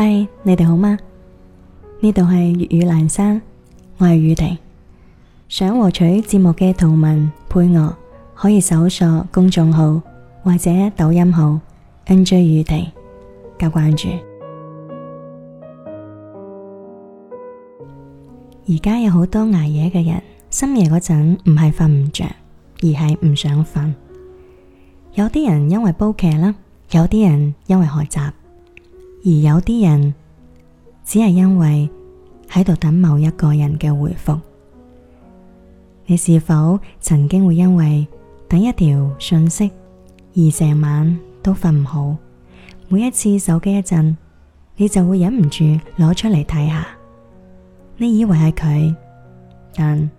嗨，Hi, 你哋好嗎？呢度係粵語蘭山，我係宇婷。想獲取節目嘅圖文配樂，可以搜索公眾號或者抖音號 NJ 宇婷加關注。而家有好多捱夜嘅人，深夜嗰陣唔係瞓唔着，而係唔想瞓。有啲人因為煲劇啦，有啲人因為學習。而有啲人只係因為喺度等某一個人嘅回覆，你是否曾經會因為等一條訊息而成晚都瞓唔好？每一次手機一震，你就會忍唔住攞出嚟睇下。你以為係佢，但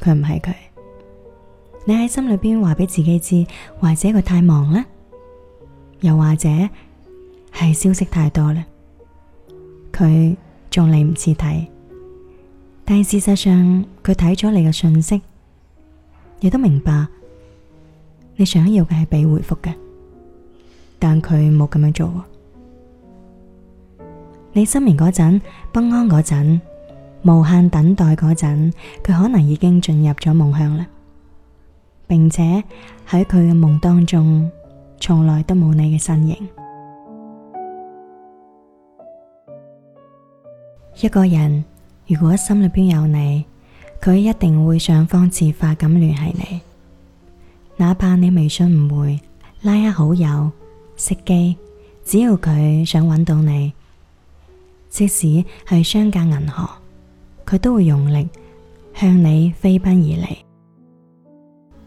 佢唔係佢。你喺心裏邊話俾自己知，或者佢太忙咧，又或者？係消息太多啦，佢仲嚟唔切睇，但係事實上佢睇咗你嘅信息，亦都明白你想要嘅係俾回覆嘅，但佢冇咁樣做。你失眠嗰陣、不安嗰陣、無限等待嗰陣，佢可能已經進入咗夢鄉啦，並且喺佢嘅夢當中，從來都冇你嘅身影。一個人如果心裏邊有你，佢一定會想方自法咁聯繫你，哪怕你微信唔回、拉黑好友、熄機，只要佢想揾到你，即使係相隔銀河，佢都會用力向你飛奔而嚟。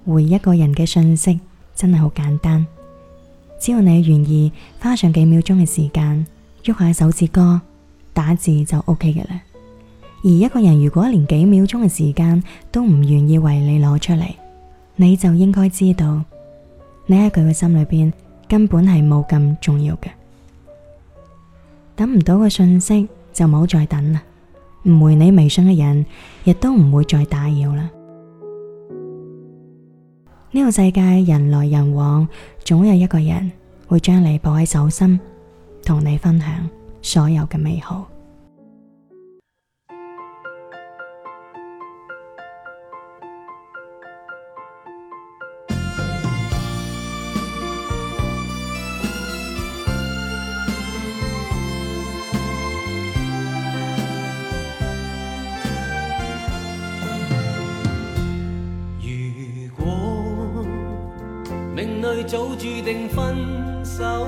回一個人嘅信息真係好簡單，只要你願意花上幾秒鐘嘅時間，喐下手指歌。打字就 O K 嘅啦。而一個人如果連幾秒鐘嘅時間都唔願意為你攞出嚟，你就應該知道，你喺佢嘅心裏邊根本係冇咁重要嘅。等唔到嘅信息，就唔好再等啦。唔回你微信嘅人亦都唔會再打擾啦。呢個世界人來人往，總有一個人會將你捧喺手心，同你分享所有嘅美好。如果命裏早注定分手。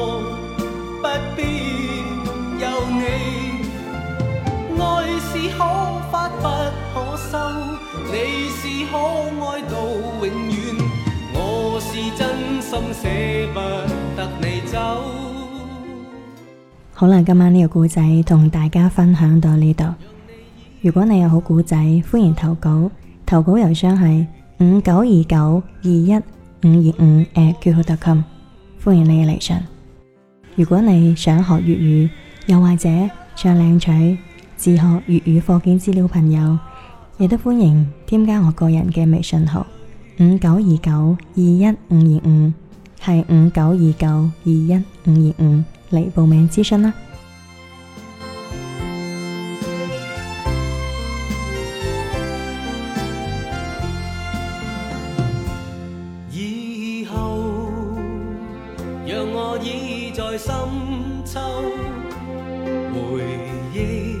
我愛到永遠，我是真心捨不得你走。好啦，今晚呢個故仔同大家分享到呢度。如果你有好故仔，歡迎投稿，投稿郵箱係五九二九二一五二五 @QQ.com，歡迎你嘅嚟信。如果你想學粵語，又或者想領取自學粵語課件資料，朋友。亦都歡迎添加我個人嘅微信號五九二九二一五二五，係五九二九二一五二五嚟報名諮詢啦。以後讓我倚在深秋回憶。